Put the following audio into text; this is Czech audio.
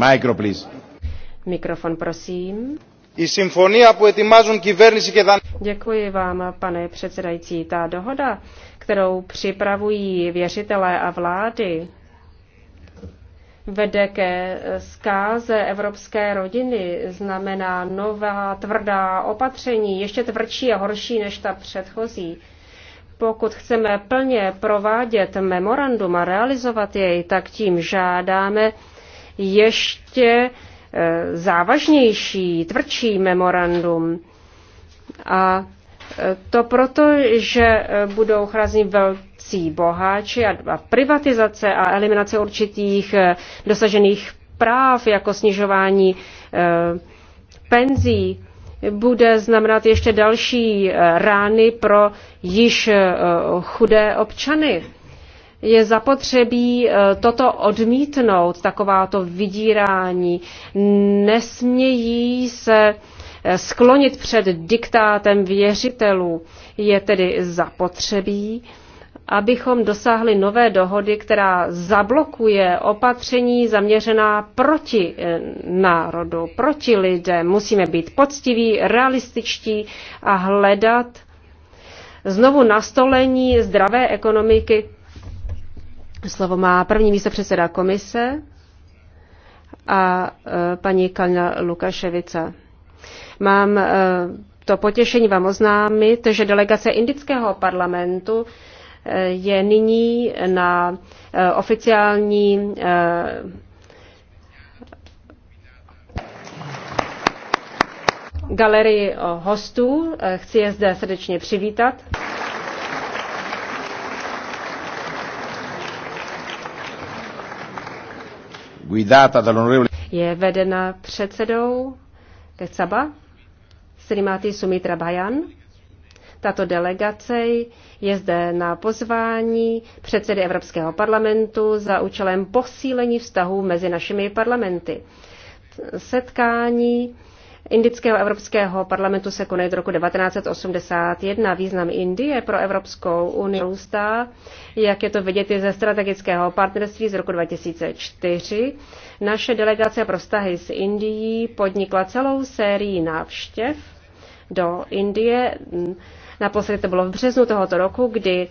Micro, please. Mikrofon, prosím. Η συμφωνία Děkuji vám, pane předsedající. Ta dohoda, kterou připravují věřitelé a vlády, vede ke zkáze evropské rodiny, znamená nová tvrdá opatření, ještě tvrdší a horší než ta předchozí. Pokud chceme plně provádět memorandum a realizovat jej, tak tím žádáme ještě eh, závažnější, tvrdší memorandum. A eh, to proto, že eh, budou chrázni velcí boháči a privatizace a eliminace určitých dosažených práv, jako snižování penzí, bude znamenat ještě další rány pro již chudé občany je zapotřebí eh, toto odmítnout, takováto vydírání. Nesmějí se eh, sklonit před diktátem věřitelů. Je tedy zapotřebí, abychom dosáhli nové dohody, která zablokuje opatření zaměřená proti eh, národu, proti lidem. Musíme být poctiví, realističtí a hledat znovu nastolení zdravé ekonomiky Slovo má první místo předseda komise a e, paní Kalina Lukaševica. Mám e, to potěšení vám oznámit, že delegace indického parlamentu e, je nyní na oficiální galerii hostů. Chci je zde srdečně přivítat. je vedena předsedou Kecaba, Srimati Sumitra Bajan. Tato delegace je zde na pozvání předsedy Evropského parlamentu za účelem posílení vztahů mezi našimi parlamenty. Setkání Indického Evropského parlamentu se konají od roku 1981. Význam Indie pro Evropskou unii růstá, jak je to vidět i ze strategického partnerství z roku 2004. Naše delegace pro vztahy s Indií podnikla celou sérii návštěv do Indie. Naposledy to bylo v březnu tohoto roku, kdy